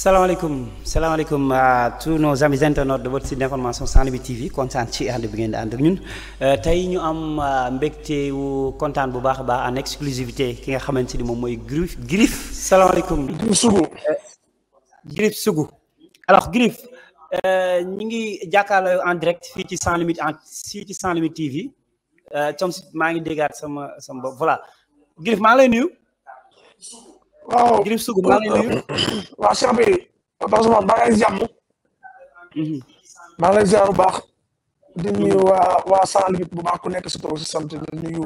salaamaaleykum salaamaaleykum à tous nos amis internautes de votre site d'information Sans-Limites TV kontaan ci ànd bi ngeen di ànd ak ñun euh, tey ñu am euh, mbégte kontaan bu baax a baax en exclusivité ki nga xamante ni moom mooy Griff Griff salaamaaleykum. Griff Sougou euh, Griff Sougou alors Griff ñu ngi jàkkaarloo en direct fii ci Sans-Limites en fii ci Sans-Limites TV comme maa ngi déggaat sama sama bopp voilà Griff maa ngi lay nuyu. waaw Griff Sougou maa ngi lay nuyu. waaw Cheikh bi maa ngi lay mm-hmm. bu baax. di mm-hmm. nuyu waa waa sans limite baax ku nekk si tool si sant di nuyu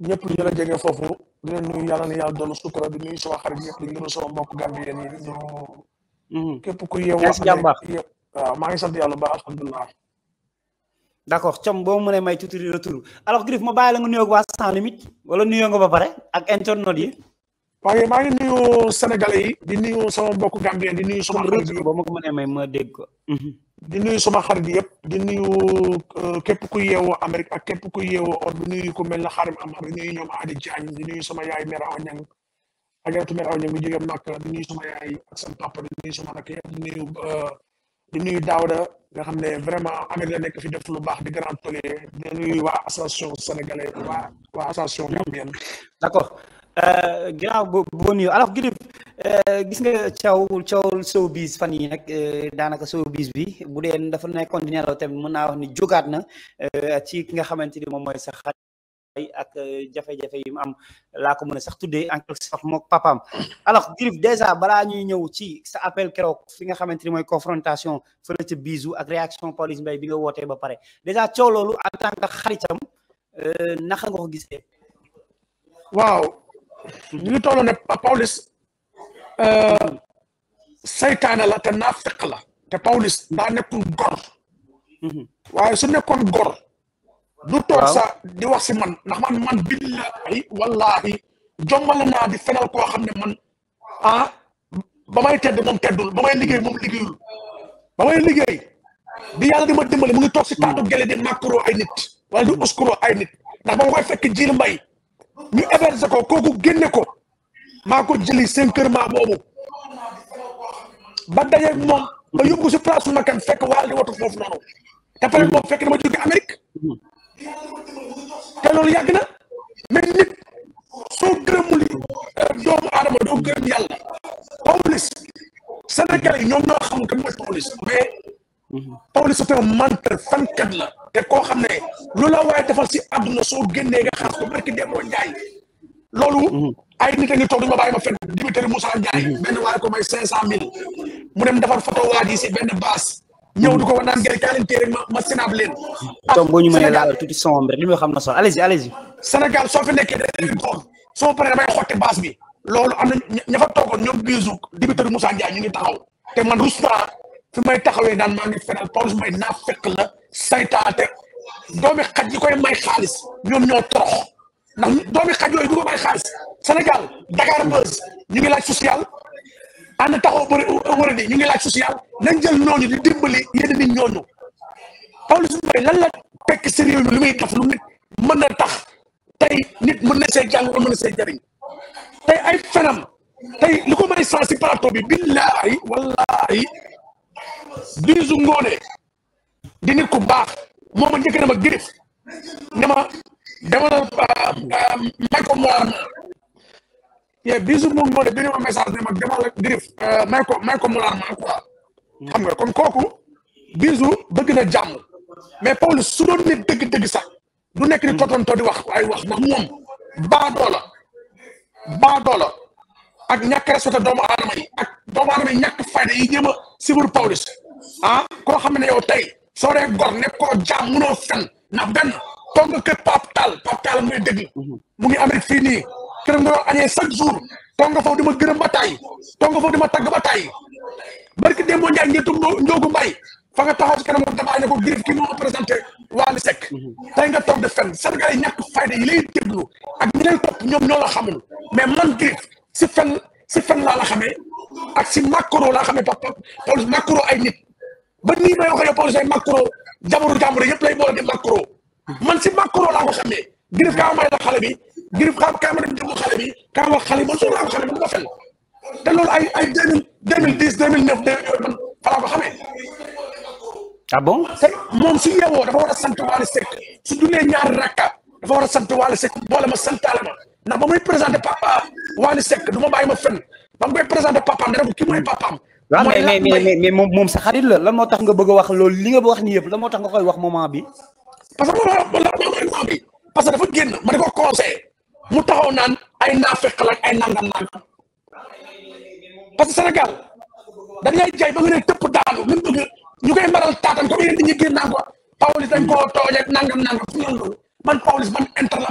ñëpp ñu la jege foofu di leen nuyu yàlla na yàlla doon sutura di nuyu sama xarit ñëpp di nuyu mbokk Gambien yi di nuyu. Mm-hmm. képp ku yeewoo waaw maa ngi sant yàlla bu baax alhamdulilah. d' accord com boo mënee may tuuti retour alors Griff ma bàyyi la nga nuyoo ak waa sans limite wala nuyoo nga ba pare ak internautes yi. waaye maa ngi nuyu sénégalais yi di nuyu sama bokk gambien di nuyu sama xarit yëpp ba ma ko mënee may ma dégg ko mhm. di nuyu sama xarit yëpp di nuyu euh, képp ku yeewoo Amérique ak képp ku yeewoo or ku mel na xarim am xam di nuyu ñoom Adi Diagne di nuyu sama yaay mère Agnang ajaratu mère Agnang bi jógee Màkka di nuyu sama yaay ak sama papa di nuyu sama rakk yëpp di nuyu euh, di nuyu nga xam ne vraiment Amérique la nekk fi def lu baax di grand tolé di nuyu waa association sénégalais waa waa association d'accord Euh, ginnaaw bo boo nuyoo alors euh, gis nga caw cawul showbiz fan yi nag euh, daanaka showbiz bi bu dee dafa nekkoon di nelaw tamit mën naa wax ni jógaat na ci ki nga xamante ni moom mooy sax ak jafe-jafe yi mu am laa ko mën a sax tuddee en sax sorte mook papam alors Griff déjà balaa ñuy ñëw ci sa appel keroog fi nga xamante ni mooy confrontation fële ca bisu ak réaction Pawlish Mbaye bi nga wootee ba pare déjà coow loolu en tant que xaritam naka nga ko gisee waaw ñu ngi tolloon ne Pawlish euh, saytaane la te naafeq la te Pawlish daa nekkul gor mhm. waaye su nekkoon gor du toog sax di wax si man ndax man man billahi wallahi jombal naa di fenal koo xam ne man ah ba may tedd moom teddul ba may liggéey moom liggéeyul ba may liggéey di yàlla di ma dimbali mu ngi toog si taatu mm. gele di màkkuroo ay nit wala di uskuroo ay nit ndax ma koy fekk jiil mbay ñu héberge ko kooku génne ko maa ko jëli seen kër maa boobu ba dajeeg moom ba yóbbu si place su makkan fekk waal di watu foofu noonu te pare moom fekk dama jóge Amérique te loolu yàgg na mais nit soo gërëmul euh, doomu aadama doo gërëm yàlla police Sénégal yi ñoom ñoo xam kan mooy police mais Pawlish c'est un menteur la te koo xam ne loolu la waaye defal si àdduna soo génnee nga xaas ko barki Demba Ndiaye. loolu. Mm-hmm. ay nit a ngi toog duñu ma bàyyi ma fenn Dimitri Moussa Ndiaye. Mm-hmm. benn waaye ko may cinq cent mille. mu dem defar photo waa benn base. ñëw di ko wax naan gerte kaalin téere ma ma sinab leen. ah mm-hmm. Sénégal boo ñu mënee laal tuuti sombre li nga xam na sax allez-y allez-y. Sénégal soo fi nekkee da toog soo paree damay xotti base bi. loolu am na ña fa toogoon ñoom bisu Dimitri Moussa Ndiaye ñu ngi taxaw te man rus naa fi may taxawee naan maa ngi fenal Pawlish Mbaye naa fekk la saytaate doomi xaj koy may xaalis ñoom ñoo torox ndax doomi xaj yooyu du ko may xaalis Sénégal Dakar Buzz ñu ngi laaj social ànd taxaw bëri wër ni ñu ngi laaj social nañ jël ñooñu di dimbali yenn nit ñooñu Pawlish Mbaye lan la tekk mi li muy def lu nit mën na tax tey nit mën na see jàng wala mën na see jëriñ tey ay fenam tey li ko may sens si plateau bi billaahi wallaahi biisu ngoone di nit ku baax mooma njëkk na ma grif ne ma demal ah, ah, may ko moom ye biisu mu ngoone bi ne ma message ne ma demal grif ah, may ko may a mulaar man quoi xam nga kon kooku biisu bëgg na jàmm mais Pawlish su doon nit dëgg-dëgg sax du nekk di totonto di wax ay wax ndax moom baadoo la baadoo la ak ñàkk respecté a doomu aadama yi ñàkk fayda yi jéem a sibul Pawlish ah koo xam ne yow tey soo dee gor nekk koo jaam munoo fen na benn toog nga kër Pape Tall mhm. mu ngi dégg mu nii kër nga añee chaque jour toog nga foofu di gërëm ba tàyyi toog nga foofu di ma ba tàyyi barki démb Ndiaye njëtu Ndiogu Mbaye fa nga taxaw si kanam moom damaa ne ko griffe kii moo présenté Wally Seck mhm. tey nga toog de fen Sénégal yi ñàkk fayda yi lay déglu ak ñi lay topp ñoom ñoo la xamul man griffe si fen si fen laa la xamee ak si macro la xamee papa Pawlish macro ay nit ba nii may wax ak yow Pawlish ay macro jabaru jàmbur yëpp lay boole di macro man si macro laa ko xamee girif kaa la xale bi girif kaa kaa ma dem jëmu xale bi kaa xale bi man suñu laa ko xamee man du ma fen te loolu ay ay deux mille deux mille dix deux mille neuf deux mille man fa laa ko xamee. ah bon te moom su yeewoo dafa war a sant Wally Seck su dulee ñaari rakka dafa war a sant Wally Seck boole ma santaale ma. ndax ba muy présenté papa Wally Seck du ma bàyyi ma fenn ba mu koy présenté papaam dana ko kii mooy papaam. waaw mais mais mais moom moom sa xarit la moo tax nga bëgg a wax loolu li nga wax ni yëpp lan moo tax nga koy wax parce que moom la moment parce que dafa génn ma di ko conseillé mu taxaw naan ay naafeq la ay nangam nangam parce que Sénégal dañ lay jaay ba nga ne tëpp daanu mu bëgg ñu koy maral taatam comme yéen ñi génn naa ko Pawlish dañ koo tooñee nangam nangam fu man Pawlish man inter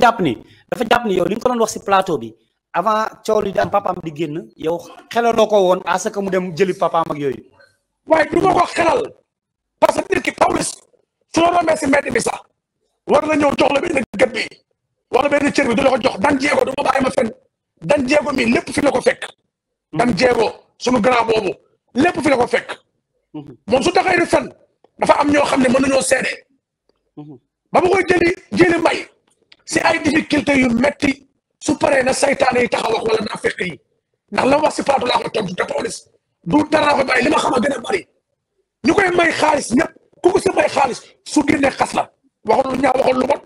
jàpp ni dafa jàpp ni yow li ko doon wax si plateau bi avant coow li di papaam di génn yow xelaloo ko woon à ce que mu dem jëli papaam ak yooyu. waaye du ma ko xelal parce que nit ki Pawlish su la rombee si mbedd bi sax war na ñëw jox la benn gët bi wala benn cër bi du la ko jox dan jéego du ma bàyyi lépp fi la fekk. dan jéego sunu grand boobu lépp fi la ko fekk. su taxay di dafa am ñoo xam ne mën nañoo seede. Mhm. ba ma koy jëli jëli mbay. si ay difficulté yu metti su paree na saytaane yi taxaw wax wala naa fekk yi ndax la mu wax si plateau laa ko tontu te Pawlish du dara laa ko bàyyi li ma a gën a bari ñu koy may xaalis ñëpp ku ko may xaalis su génnee xas la waxoon lu ñaaw waxoon lu bon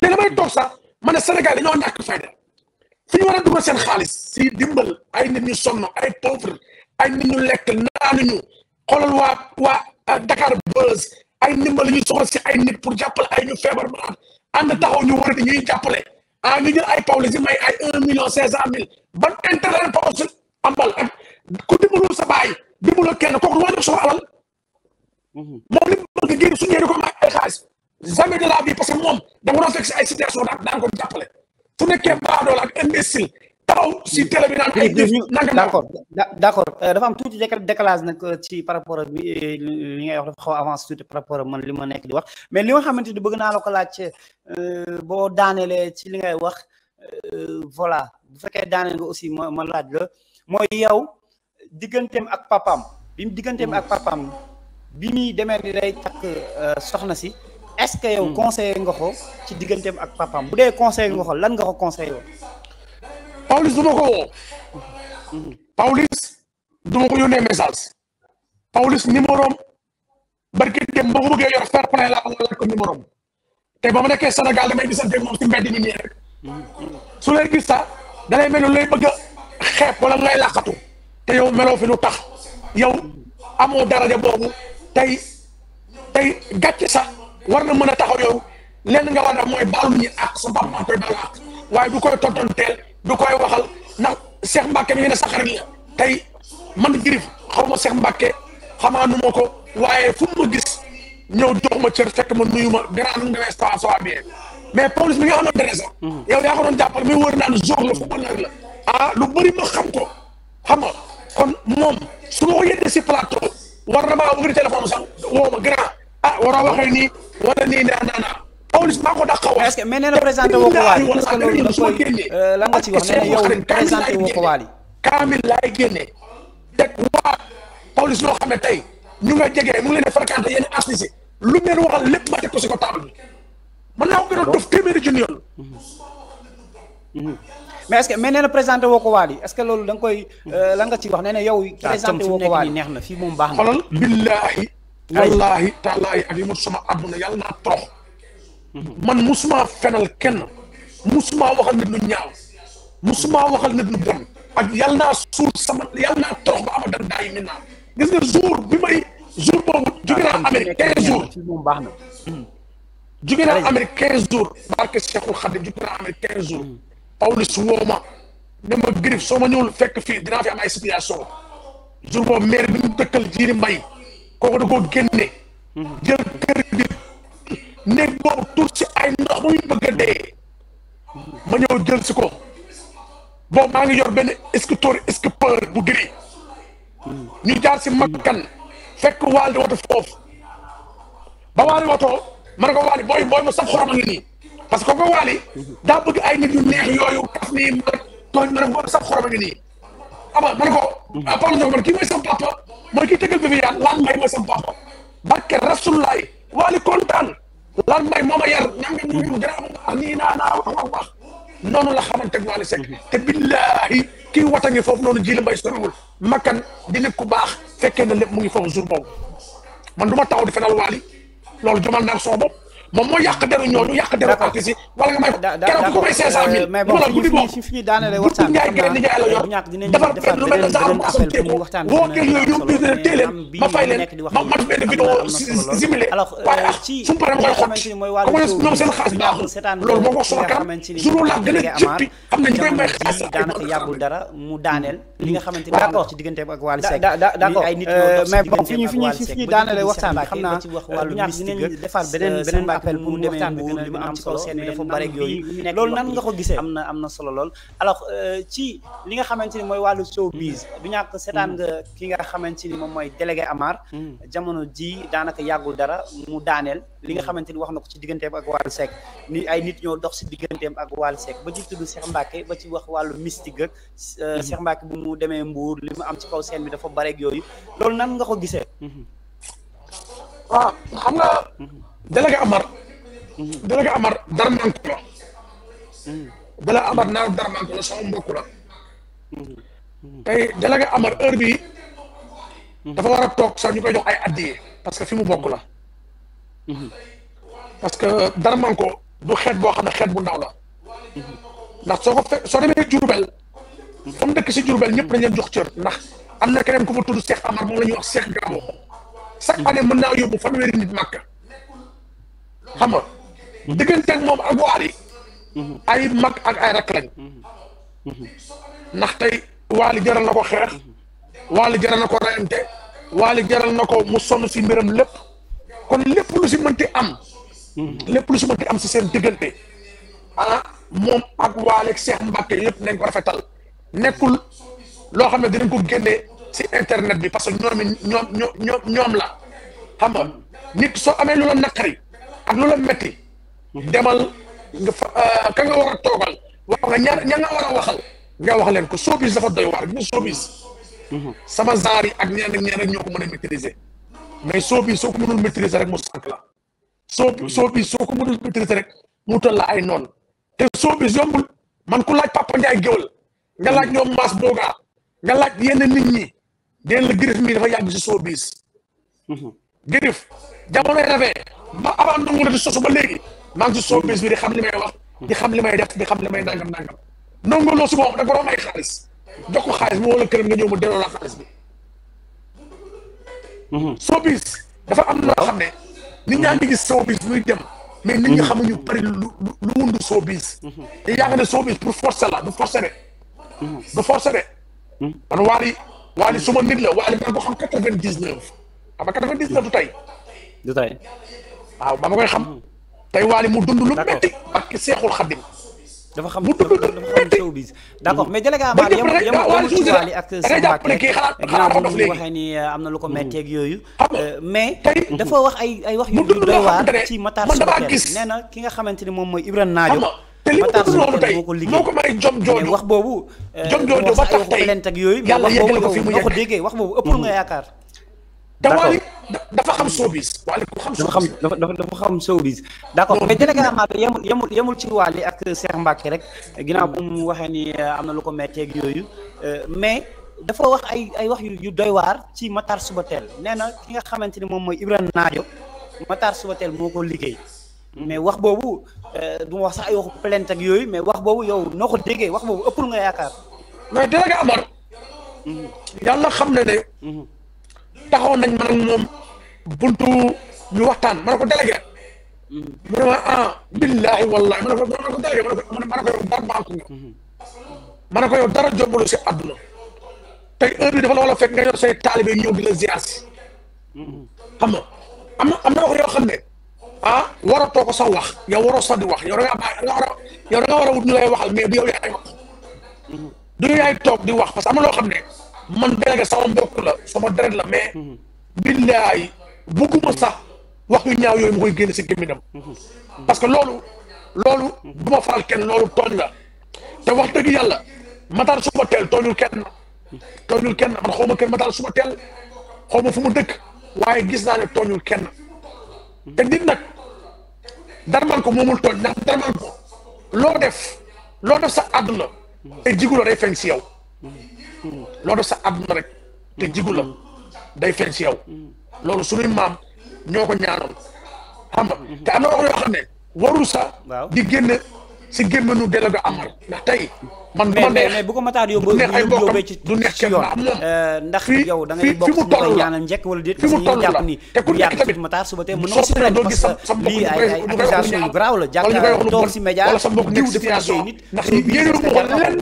léegi damay toog sax ma ne Sénégal dañoo ñàkk fayda fi ñu war a dugal seen xaalis si dimbal ay nit ñu sonn ay pauvre ay nit ñu lekk naanuñu xoolal waa waa Dakar Buzz ay ndimbal ñu soxla si ay nit pour jàppal ay ñu feebar maanaam ànd taxaw ñu di ñuy jàppale ah ñu jël ay Pawlish di may ay un million cinq cent mille ban intérêt la Pawlish amal ak ku dimbalul sa baay dimbalul kenn kooku moo jox sama alal moom li mu bëgg génn suñu yëre ko ma ay xaalis jamais de la vie moom da nga doon fekk si ay situation daan ko jàppale su nekkee baadoo la ak imbécile taxaw si télé bi d' accord d' accord dafa am tuuti décalage nag euh, ci par rapport ak euh, li ngay wax dafa xaw a avancé tuuti par rapport ak man li ma nekk di wax mais li nga xamante ni bëgg naa la ko laaj euh, boo daaneelee ci li ngay wax voilà bu fekkee daaneel nga aussi ma ma laaj la mooy yow digganteem ak papaam bi mu digganteem ak papaam bi muy demee di day takk soxna si est ce que yow hmm. conseillé nga ko ci digganteem ak papaam bu dee conseil nga ko lan nga ko conseillé woon Pawlish du ma ko woo Pawlish du ma ko yónnee message Pawlish numérom barki dem ba ko bëggee yor fair play laa ko wala ko numérom te ba ma nekkee Sénégal damay gisante moom si mbedd mi nii rek su lay gis sax dalay mel ni lay bëgg a xeeb wala ngay làqatu te yow meloo fi lu tax yow amoo daraja boobu tey tey gàcce sax war na mën a taxaw yow lenn nga war a mooy baalu ñu ak sa bàb maa koy baal ak waaye du koy tontonteel du koy waxal ndax Cheikh Mbacke mi ngi na sa xarit la tey man Griff xaw ma Cheikh Mbacke xamaa nu ma ko waaye fu ma gis ñëw jox ma cër fekk ma nuyu ma grand nga ça soit bien mais police mi nga amoon dara sax. Mhm. yow yaa ko doon jàppale mi wër naan jox la fu ma la. ah lu bari ma xam ko xam nga kon moom su ma ko yëndee si plateau war na maa ubbi téléphone sax woo ma grand ah waroo waxee nii wala nii nee naa Pawlish maa ko dàqaw. est-ce que mais nee na présenté woo ko waali est-ce que loolu da koy lan ci wax nee yow présenté woo ko xam ne tey ñu nga jege mu ngi leen di fréquenté yéen artiste lu ngeen waxal lépp ma teg ko si ko table bi mën naa ko ko waali est loolu da koy euh, lan ci wax nee na yow. présenté woo ko waali neex na fii moom baax na. xoolal billaahi wallaahi taalaahi ak yi mu sama yàlla naa torox. man musuma fenal kenn musuma waxal nit lu ñaaw musuma waxal nit lu bon ak yàlla naa suur sama yàlla naa torox ba ama dan daayi maintenant gis nga jour bi may jour boobu jóge naa Amérique quinze jours jóge naa Amérique quinze jours barke Cheikhul Khadim jóge naa Amérique quinze jours Pawlish woo ma ne ma Griff soo ma ñëwul fekk fii dinaa fi am ay situation jour boobu maire bi mu dëkkal jiiri mbay kooku da koo génne hmm. jël kër gi néeg boobu tuur ci ay ndox muy bëgg a dee ma ñëw jël si ko boobu maa ngi yor benn scooter scooper bu gris ñu jaar si makkan fekk waal di woto foofu ba waali woto ma ne ko waali booy booy ma saf xorom nii parce que ko waali daa bëgg ay nit ñu neex yooyu kaf nii ma tooñ ma ne booy ma saf xorom ngi nii ama ah ma ko ah, Pape Ndiob man mooy sam mooy kii tëggal bi fi yaan laan may mooy sam papa barke rasulaay waali kontaan lan mbay moo ma yar ñam nga ñu garaamu nga wax nii naa naa wax wax wax noonu la xamante Wally Seck te billahi kii wata ngi foofu noonu jili mbay soriwul makkan di nit ku baax fekkee na lépp mu ngi foofu jour boobu man du ma taxaw di fenal loolu jomal naa ko sama moom moo yàq deru ñooñu yàq deru artiste yi wala nga may keroog ku ko may 500000. Euh, mais bon fi fi ñu daanalee waxtaan euh, defar benn lu mel ne sax ma suñu teeku woo kër yooyu ñoom ñu ne tee leen ma fay leen ma ma def benn vidéo similé waaye ah su ma paree ma koy xotti comme ne ñoom seen a jëppi am na euh, ñu may xaalis daanaka yàggul dara mu daaneel hmm. li nga xamante ne d'accord ci digganteem ak Wally Seck d'accord mais bon fi ñu fi ñu fi ñu daanalee waxtaan bi xam naa ñaar dinañ defar beneen beneen appel pour mu demee nguur li mu am ci kaw seen bi dafa li nga xamante ni mooy wàllu showbiz mm. du ñàkk seetaan mm. nga ki nga xamante ni moom mooy délégué Amar mm. jamono ji daanaka yàggul dara mu daaneel li nga xamante ni wax na ko ci digganteem ak Wally Seck ay nit ñoo dox si digganteem ak Wally Seck ba ci tudd Cheikh Mbacké ba ci wax wàllu mystique ak euh, mm-hmm. Cheikh Mbacké bu mu demee mbuur li mu am ci kaw seen bi dafa bari ak yooyu loolu nan nga ko gisee mm-hmm. ah, délégué Amar. délégué Amar Darmanko la. délégué Amar naan Darmanko la sama mbokk la. tey délégué Amar heure bii. dafa war a toog sax ñu koy jox ay addiye parce que fi mu bokku la. parce que dara Darmanko du xeet boo xam ne xeet bu ndaw la. ndax soo ko fe soo demee Jurbel. comme dëkk si Jurbel ñëpp dañ leen jox cër ndax am na keneen ku fa tudd Cheikh Amar moom la ñuy wax Cheikh Gabo. chaque année mën naa yóbbu fanweeri nit màkk. xam nga digganteeg moom ak waa Ali ay mag ak ay rakk lañ ndax tey waali jaral na ko xeex waali jaral na ko reyante waali na ko mu sonn si mbiram lépp kon lépp lu si mënti am lépp lu si mënti am si seen diggante ah moom ak waali ak Seex Mbàkke yëpp nañ ko rafetal nekkul loo xam ne dinañ ko génnee si internet bi parce que ñoom ñoom ñoom ñoom la xam nga nit soo amee lu la naqari ak lu la metti demal nga fa euh, ka nga war a toogal wax nga ña ña nga war a waxal nga wax leen ko showbiz dafa doy waar gis nga showbiz mhm. sama genre yi ak ñeneen ak ñeneen rek ñoo ko mën a maîtriser mais showbiz soo ko mënul maîtriser rek mu sànq la soo mhm. showbiz soo ko mënul maîtriser rek mu la ay noonu te showbiz yombul man ku laaj Papa Ndiaye géwël nga laaj ñoom Mass Boga nga laaj yenn nit ñi den la Griff dafa yàgg si showbiz mhm. Griff jamonoy rafet ba avant nangu na di sosu ba léegi maa ngi si showbiz di xam li may wax di xam li may def di xam li may nangam nangam nangu loo su ma wax da ko doon may xaalis jox ko mu mhm. dafa am loo xam ne nit ñaa ngi gis showbiz muy dem mais nit ñi mhm. xamuñu bari lu lu wundu showbiz mhm. yaa nga ne showbiz pour forcer la du forcer de du forcer de man waali waali suma nit la waali maa ngi ko xam quatre vingt dix neuf xam du tey waaw ba ma koy xam. tey waali mu dund lu métti. ak seexul xaddim dafa xam dafa xam showbiz d'accord mais délégué Amar yem yemul ci waali ak ni euh, am na lu ko métteeg hmm. yooyu euh, mais dafa wax ay ay wax yu doy waar ci Matar Soubatel nee na ki nga xamante ni moom mooy Ibrahima Naajo Matar Soubatel moo ko liggéey mais wax boobu euh, jom jooju ba tax tey yàlla ko fi mu wax boobu ëppul nga hmm. yaakaar te Wally dafa xam showbiz Wally ku xam showbiz dafa xam dafa xam showbiz d' accord mais généralement yemul yemul yemul ci Wally ak Cheikh Mbacké rek ginnaaw bu mu waxee ni euh, am na lu ko metteeg euh, mais dafa wax ay ay wax yu doy waar ci Matar Subatel nee na ki nga xamante ni moom mooy Ibrahima Naajo Matar teel moo ko liggéey mais wax boobu euh, du ma wax sax ay waxu plainte yooyu mais wax boobu yow noo ko déggee wax boobu ëppul nga yaakaar mais délégué Amar mm-hmm. yàlla xam na ne mm-hmm. taxaw nañ man ak moom buntu ñu waxtaan ma ne ko délégué. mu a ma ah billaahi wallaahi ma a ko ma ne ko délégué ma ne ko yow dara baaxul nga. ma ne ko yow dara jombalu si àdduna tey heure bi dafa la wala fekk nga yor say taalibe ñëw di la ziar si. xam nga am na am na yoo xam ne ah waratoo ko sax wax yow a sax di wax yow da a bàyyi nga war a yow da war a wut ñu lay waxal mais du yow yaay toog di wax parce que am loo xam ne. man délégué sama mbokk la sama deret la mais. Mhm. billaay bëgguma sax wax yu ñaaw yooyu mu koy génn si gémmiñam mhm. Mhm. parce que loolu loolu bu ma faral kenn loolu tooñ la te wax dëgg yàlla Matar suba teel tooñul kenn tooñul kenn man ma kenn Matar xaw ma fu mu dëkk gis naa ne tooñul kenn te nit nag darman ko moomul tooñ ndax darman ko loo def loo def sa àdduna te jiguloo day feeñ si yow loolu sa àdduna rek te jigu la day feeñ si yow loolu suñuy maam ñoo ko ñaanoon xam nga mm-hmm. te am na wax yoo xam ne si gémmanu delloo ga amal ndax tey. man bu ma neex ndax euh, yow da bokk ñu koy ñaanal ci mataar suba tey mën na si ren parce que lii ay ay accusation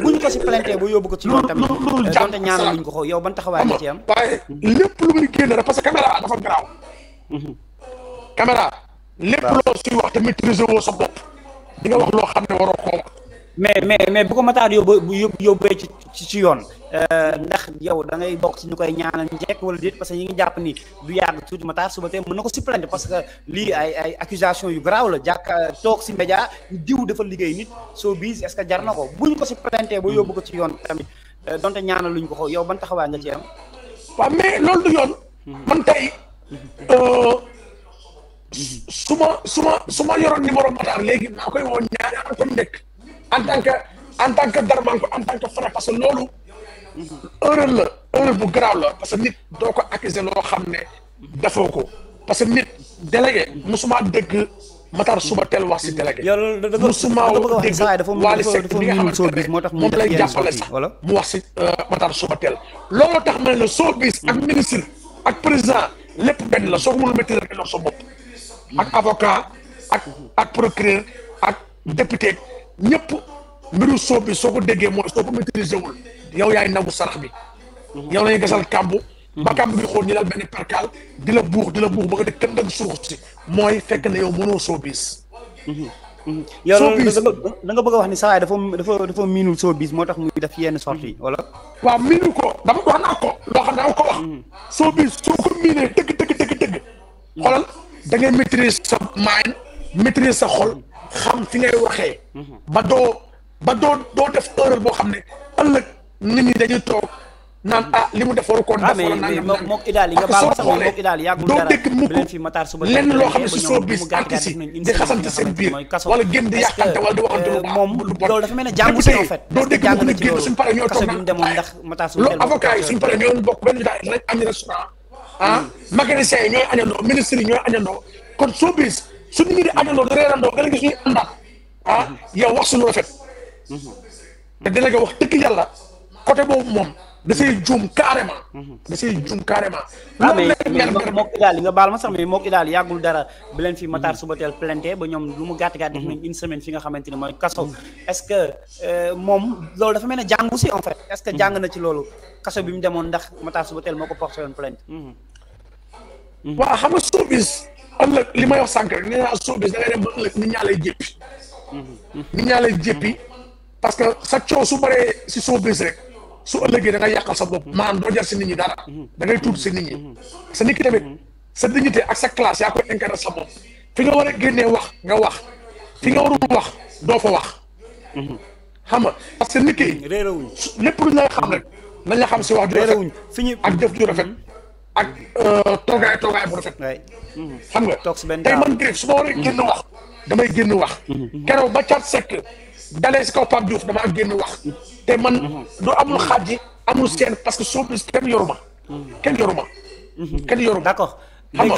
ñu ko si plainte bu yóbbu ko ci yoon tamit euh, donte ñaanal luñ ko xoo yow ban taxawaay nga ci am waaye mhm. lépp lu muy génn rek parce que caméra dafa garaaw mhm. caméra lépp loo suy wax te maîtriser sa bopp di nga wax loo xam ne waroo koo wax. mais mais mais bu ko Matar yóbbee ci yoon. Euh, ndax yaw da ngay bokk ci ñu koy ñaanal njekk wala déet parce que ñi ngi jàpp ni du yàgg tuuti Matar suba tey mën na ko suppléante parce que diw dafa liggéey nit soo biis est-ce que jar na ko buñ ko suppléante ba yóbbu ko ci yoon tamit euh, donte ñaanal luñ ko xaw yow ban taxawaay nga ci am. waaw mais loolu du yoon. Mhm. man tey. Euh, su ma su ma su ma yoroon numéro Matar léegi maa koy woo ñaari at mu en tant que en tant que Darmanko en tant que frère parce que loolu. erreur la erreur bu garaaw la parce que nit doo ko accuser loo xam ne defoo ko parce que nit délégué musuma dégg Matar suba teel wax si délégué. musuma dégg Wally Seck bi moom lay jàppale mu wax si euh, Matar suba teel looloo tax ma ne la ak ministre ak président lépp benn la soo ko mënul maîtriser rek sa ak avocat ak ak procureur ak député ñëpp mbiru soob bi soo ko déggee mooy soo ko maîtriser wul yow yaay nangu sarax bi yow lañuy gasal kàmbu ba kàmb bi xool ñu daal di la buux di la buux ba nga def kenn suux si mooy fekk na yow mënoo soobiis yow da nga bëgg wax ni sawaay dafa dafa dafa miinul showbiz moo tax muy def yenn sorties yi wala waaw miinul ko dama wax naa ko loo xam ne dama ko wax mm-hmm. showbiz soo ko miinee dëgg dëgg dëgg dëgg mm-hmm. dangeen ngay maîtriser sa mind maîtriser sa xol xam fi ngay waxee. ba doo ba doo doo def erreur boo xam ne ëllëg nit ñi dañuy toog naan ah li mu def waru koon def ah, lenn loo xam ne si soo bis artiste yi di xasante seen biir wala gën di yàqante wala di waxante lu euh, moom loolu dafa mel ne jàngu si doo dégg mu ne génn suñu pare ñoo toog naan avocat yi suñu pare ñoo bokk benn daal lañ am restaurant ah mécaniciens yi ñooy añandoo ministres yi ñooy añandoo kon soo bis su nit ñi di añandoo di reerandoo nga gis ñuy àndaat ah yow wax suñu rafet mhm. te délégué wax dëgg yàlla côté boobu moom da see juum carrément. Mhm. da see carrément. waaw ah, nga baal ma sax mais mook Idaly yàggul dara bi leen fi Matar Subatel planté ba ñoom lu mu gàtt gàtt def nañ une fi nga xamante ni mooy kaso. est-ce que euh, moom loolu dafa mel ne jàngu si en fait. est-ce que mhm. jàng na ci loolu kaso bi mu demoon ndax Matar Subatel moo ko porté woon plainte. Mhm. waaw xam ëllëg li may wax sànq rek nee naa showbiz da ngay dem ba ëllëg nit ñaa lay jéppi. parce que sa coow su bëree si showbiz rek. su ëllëgee da ngay yàqal sa bopp mm-hmm. maanaam doo jar si nit ñi dara mm-hmm. da ngay tuut si nit ñi sa mm-hmm. nit ki tamit sa dignité ak sa classe yaa koy incarné sa bopp fi nga war a génnee wax nga wax fi nga warul doo fa wax xam nga parce que nit ki réerawuñ lépp lu ñu xam rek nañ xam si wax ju rafet ak jëf ju rafet ak euh, toogaay toogaay bu rafet xam nga tey man Griff su ma waree génn wax damay génn wax keroog ba caat sekk dalee si kaw Pape Diouf dama génn wax te man mhm. du amul xaaj amul seen parce que soo plus kenn yoruma mhm. kenn yoruma mhm. kenn yoruma d'accord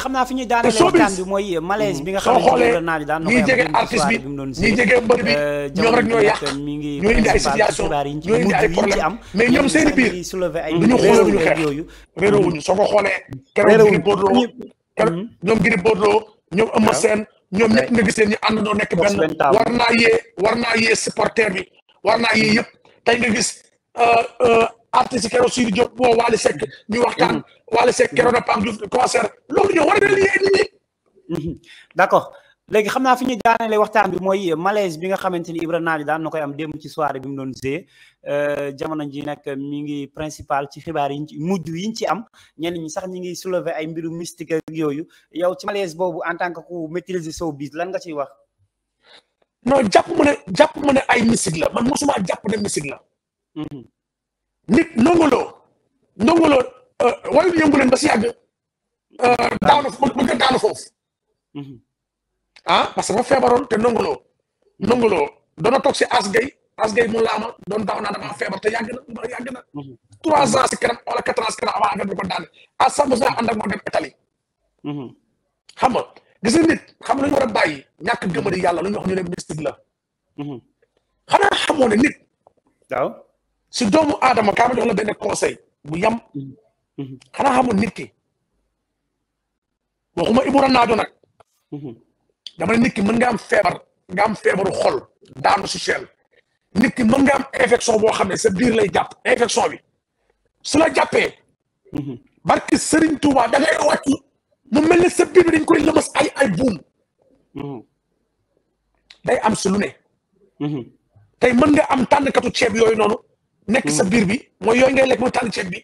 xam naa fi ñuy daanee waxtaan mooy malaise bi nga xam ne naa bi daan na ko jege artiste bi ñi jege mbër bi euh, ñoom rek ñoo yàq ngi ñoo indi ay situation ñoo indi ay problème am mais ñoom seen i biir ñu soo ko xoolee mm-hmm. keroog Gris Bordeaux keroog mm-hmm. ñoom Gris Bordeaux ñoom Eumeu Sène ñoom ñëpp nga gisee ñu ànd doo nekk benn war naa yee war naa yee supporter bi war naa yee yëpp tey nga gis euh, euh, artiste keroog Sidi Diop woo Waly ñu waxtaan mm-hmm. Waly Seck keroog na Pape Diouf concert loolu ñoo war na lii nit ñi mm-hmm. d'accord léegi xam naa fi ñu jaanale waxtaan bi mooy malaise bi nga xamante ni Ibra Naly daan na koy am démb ci soirée bi mu doon zee euh, jamono ji nag mi ngi principal ci xibaar yi ci mujj yi ñu ci am ñenn ñi sax ñi ngi soulever ay mbiru mystique ak yooyu yow ci malaise boobu en tant que ku maîtriser showbiz lan nga ciy wax non jàpp ma ne jàpp ne ay mystique la man mosuma jàpp ne mystique la. Mhm. nit ndongolo ndongolo euh, wayu yëngu leen ba si yàgg. Euh, daanu bëgg a daanu foofu. Mhm. ah parce que dafa feebaroon te ndongolo ndongolo doona toog si asgay asgay mu laama doon daaw naa damaa feebar te yàgg na yàgg na. Mhm. trois ans si kanam wala quatre ans si kanam avant affaire bi ko daane à moo dem Italie. xam nga. gis nit xam lu ñu war a bàyyi ñàkk gëmadi yàlla lu ñu wax ñu ne mystique la mhm. xanaa xamoo ne nit si doomu aadama kaa ma jox la benn conseil bu yam mhm. Mhm. xanaa xamoo nit ki waxuma ibura naajo mën nga am feebar nga am feebaru xol daanu si seel nit ki mën nga am infection boo xam ne sa biir lay jàpp infection bi su la jàppee barki Sëriñ Tuubaa da ngay mu mel ne sa biir bi dañ koy lëmas ay ay buum. Mm-hmm. day am su lu ne. Mm-hmm. tey mën nga am tànnkatu ceeb yooyu noonu. nekk sa mm-hmm. biir bi mooy yooyu ngay lekk mooy tànn ceeb bi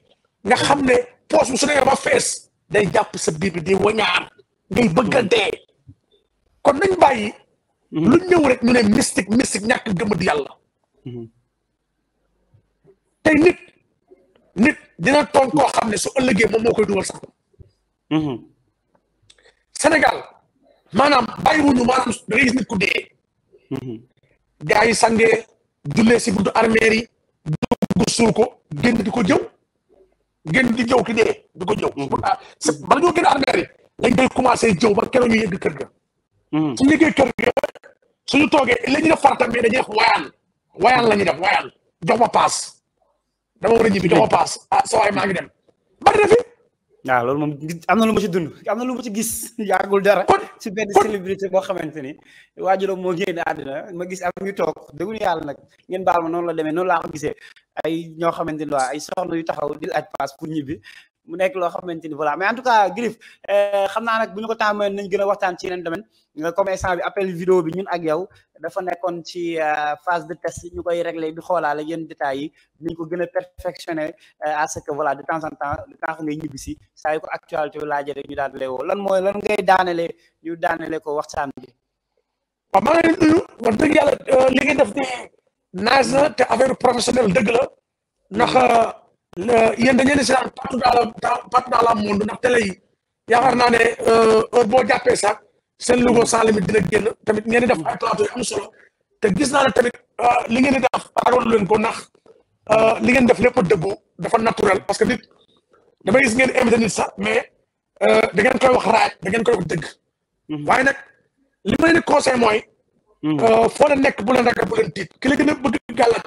nga xam ne poos bu su ne ba fees day jàpp sa biir bi di wañaan ngay bëgg a dee kon nañ bàyyi. lu ñëw rek ñu ne mystique mystique ñàkk gëm di yàlla. tey nit nit dina tooñ koo xam ne su ëllëgee moom moo koy dugal sax. Sénégal maanaam bàyyiwuñu maanaam da ngay gis ku dee. Mhm. gars yi jullee si buntu armeer yi dugg ko génn di ko jëw génn di jëw ki dee di ko jëw. Mhm. Ah, bala ñoo génn armeer yi lañ koy commencé jëw ba keroog ñu yegg kër ga. Mhm. suñu yeggee kër ga suñu toogee la ñuy def farata mais wayaan wayaan la ñuy def wayaan jox ma paas dama war a ñibbi jox ma paas ah sa maa ngi dem ba defi. waaw loolu moom am na lu ma ci dund am na lu ma ci gis yàggul dara ci benn célébrité boo xamante ni waajuram moo génn àddina ma gis am ñu toog dëggul yàlla nag ngeen baal ma noonu la demee noonu laa ko gisee ay ñoo xamante ni waa ay soxna yu taxaw di laaj paas pour ñibbi mu nekk loo xamante ni voilà mais en tout cas Grif euh, xam naa nag bu ñu ko tàmmee nañ gën a waxtaan ci yeneen domaine euh, comme instant bi appel vidéo bi ñun ak yow dafa nekkoon ci euh, phase de test ñu koy réglé di xoolaale yenn détails yi niñ ko gën a à ce que voilà de temps en temps de temps ngay ñibbi saa yu ko actualité bi laajee ñu daal lay woo lan mooy lan ngay daanele ñu daanele ko waxtaan bi. waaw maa ngi li ngeen def nii naaj na te affaire professionnel yéen da ngeen di seetaan partout dans le partout dans le ndax télé yi yaakaar naa ne euh, heure boo jàppee sax seen logo sans limite dina génn tamit ngeen di def ay am solo te gis naa ne tamit euh, li ngeen di def aarul leen ko ndax euh, li ngeen def lépp dëggoo dafa naturel parce que nit dafa gis ngeen invité nit sax mais da ngeen koy wax raaj da ngeen koy wax dëgg. Mhm. waaye nag li ma leen di conseil mooy. Mhm. foo leen nekk bu leen ragal bu tiit ki la gën a bëgg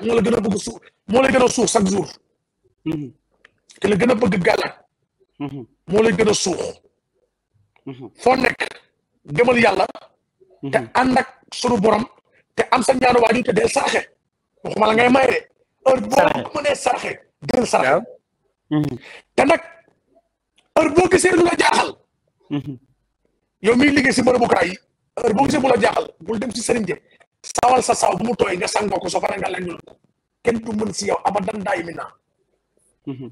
moo la gën a bëgg suuf moo la gën a suuf chaque jour. ki mm-hmm. a gën a bëgg gàllaat mm-hmm. moo lay gën a suux mm-hmm. foo nekk gëmal yàlla te ànd sunu borom te am sa ñaanu waajur te del saraxe waxuma la ngay may de heure boo mënee saraxe del saraxe te nag heure boo gisee lu la jaaxal yow miy liggéey si bërëbukaay yi heure boo gisee bu la jaaxal bul dem si sëriñ je sawal sa saw bu mu tooy nga sangoo soo paree nga lañul ko kenn du si yow abadan daay mi naa Mhm.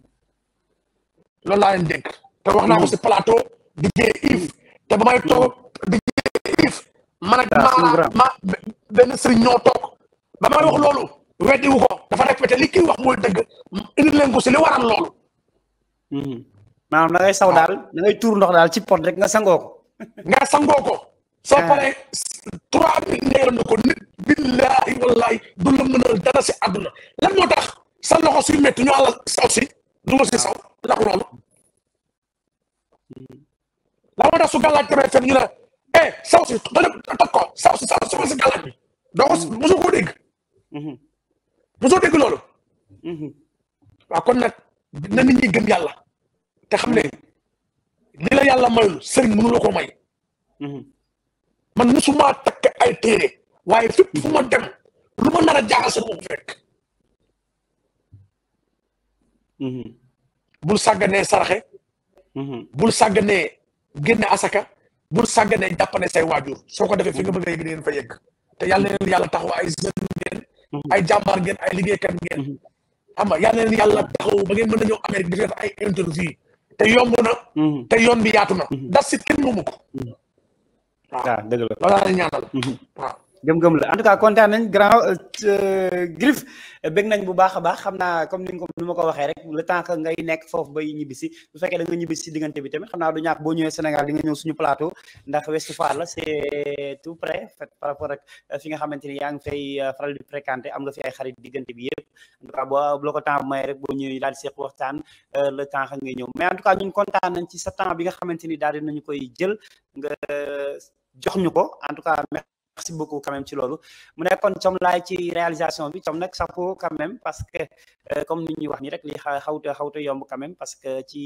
loolu laa leen dégg te wax naa ko si plateau di jee if te ba may toog di jee if man ah, ma benn sëriñ ñoo toog ba may wax loolu weddi wu ko dafa répété li kii wax mooy dëgg indi leen ko si li waral loolu mhm. maanaam da saw ah. daal da ngay tuur ndox daal ci pot rek nga sangoo ko nga sangoo ko soo ah. paree trois mille neeram nit billaahi wallaahi du la mënal dara si àdduna lan moo sa loxo suy ñu alal saw si dugal si saw ndax loolu la ma tax su gàllaaj tamit fenn ñu ne eh saw si dañu toj ko saw si saw si sugal si gàllaaj mhm. ko mosoo mhm. koo dégg loolu mhm. waaw kon nag na nit ñi gëm yàlla te xam ne li la yàlla mayul sëriñ mënu la koo may man musuma takk ay téere waaye fépp fu ma dem lu ma nar a jaaxal sëriñ fekk Mm-hmm. bul sàgganee saraxe mm-hmm. bul sàgganee génne asaka bul sàgganee jàppale say waajur soo ko defee fi nga bëgg a yegg ngeen fa yegg te yàlla na leen yàlla taxaw ay jeune ngeen mm-hmm. ay jàmbaar ngeen ay liggéeykat ngeen xam nga yàlla na leen yàlla taxaw ba ngeen mën a ñëw Amérique di def ay interview te yomb na te yoon bi yaatu na das si kenn moomu ko waaw ah, la ñaanal gëm-gëm la en tout kontaan nañ grand euh, euh, griffe bëgg nañ bu baax a baax xam naa comme ni ma ko waxee rek le temps que ngay nekk foofu bay ñibbisi bu fekkee da nga ñibbisi diggante bi tamit xam naa du ñàkk boo ñëwee Sénégal di nga ñëw la c'est tout près par euh, nga xamante ni yaa ngi fay faral di fréquenter am fi ay xarit diggante bi yëpp en tout cas boo bu la ko temps waxtaan le temps que ñëw mais en tout cas ñun kontaan nañ ci sa temps bi nga xamante ni daal di nañu koy jël nga jox ñu ko en tout cas merci beaucoup quand ci loolu mu nekkoon com laay ci réalisation bi com nag chapeau quand même parce que euh, comme ni ñuy wax nii rek li xawta xawta yomb quand même parce que ci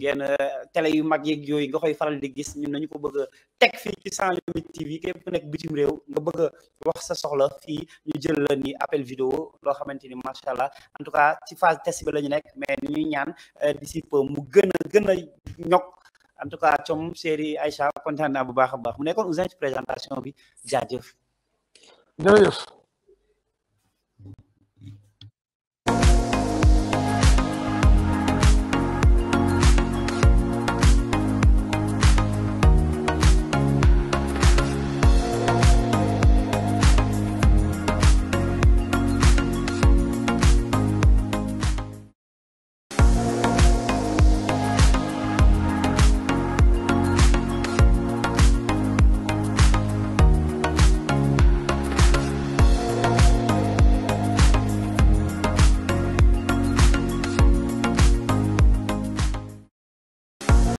yenn euh, tele yu mag yeeg yooyu nga koy faral di gis ñun nañu ko bëgg teg fii ci Sans Limites TV képp ku nekk bitim réew nga bëgg a wax sa soxla fii ñu jël la ni appel vidéo loo xamante ni macha allah en tout cas ci phase test bi la ñu nekk mais ni ñuy ñaan euh, d'ici peu mu gën a gën a ñokk en tout cas comme Serigne Aïcha kontaan naa bu baax a baax mu nekkoon Ouzin ci présentation bi jaajëf jërëjëf